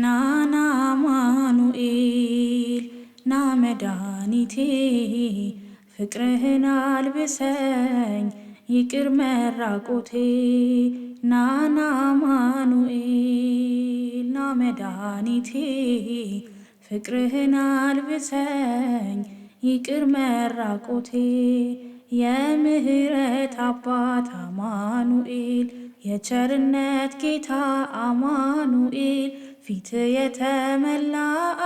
ናና አማኑኤል ና መድኃኒቴ ፍቅርህን አልብሰኝ ይቅር መራቆቴ ናና አማኑኤል ና መድኃኒቴ ፍቅርህን አልብሰኝ ይቅር መራቆቴ የምህረት አባት አማኑኤል የቸርነት ጌታ አማኑኤል ፊት የተመላ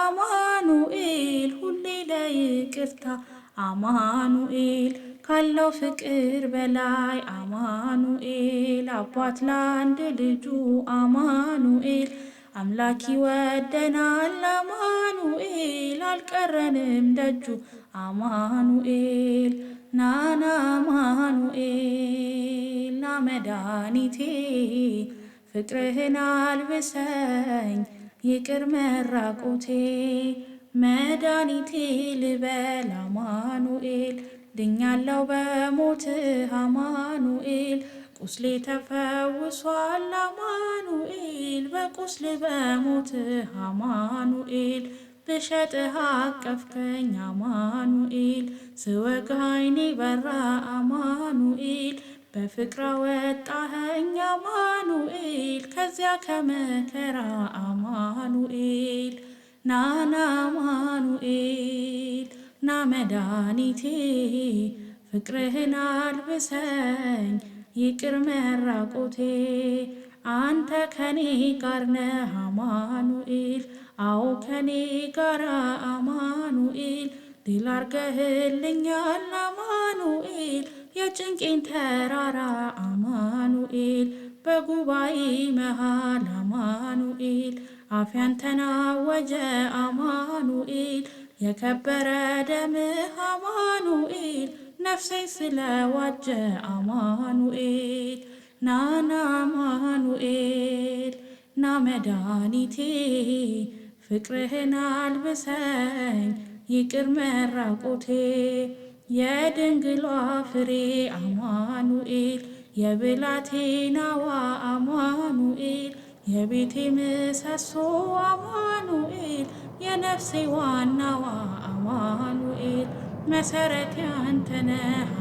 አማኑኤል ሁሌ ለይቅርታ አማኑኤል ካለው ፍቅር በላይ አማኑኤል አባት ለአንድ ልጁ አማኑኤል አምላክ ይወደናል አማኑኤል አልቀረንም ደጁ አማኑኤል ናና አማኑኤል ናመዳኒቴ ፍቅርህን አልብሰኝ ይቅር መራቆቴ መድኃኒቴ ልበል አማኑኤል ድኛለው በሞትህ አማኑኤል ቁስሌ ተፈውሷል አማኑኤል በቁስል በሞትህ አማኑኤል ብሸጥህ አቀፍከኝ አማኑኤል ስወጋ ዓይኔ በራ አማኑ በፍቅር አወጣኸኝ አማኑኤል ከዚያ ከመከራ አማኑኤል ናና አማኑኤል ና መድኃኒቴ ፍቅርህን አልብሰኝ ይቅር መራቆቴ አንተ ከኔ ጋር ነህ አማኑኤል አዎ ከኔ ጋር አማኑኤል ድል አርገህልኛል አማኑኤል የጭንቄን ተራራ አማኑኤል በጉባኤ መሃል አማኑኤል አፍያን ተናወጀ አማኑኤል የከበረ ደምህ አማኑኤል ነፍሴን ስለዋጀ አማኑኤል ናና አማኑኤል ና መድኃኒቴ ፍቅርህን አልብሰኝ ይቅር መራቆቴ የድንግሏ ፍሬ አማኑኤል የብላቴናዋ አማኑኤል የቤቴ ምሰሶ አማኑኤል የነፍሴ ዋናዋ አማኑኤል መሰረት ያንተነ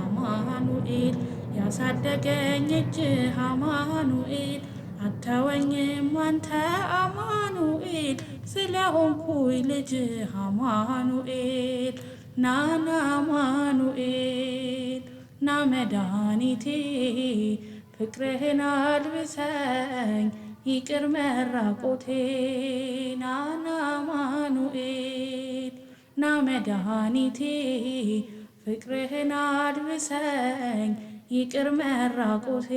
አማኑኤል ያሳደገኝ እጅህ አማኑኤል አተወኝም አንተ አማኑኤል ስለሆንኩኝ ልጅህ አማኑኤል ናና አማኑኤል ና መድኃኒቴ ፍቅርህን አልብሰኝ ይቅር መራቆቴ ናና አማኑኤል ና መድኃኒቴ ፍቅርህን አልብሰኝ ይቅር መራቆቴ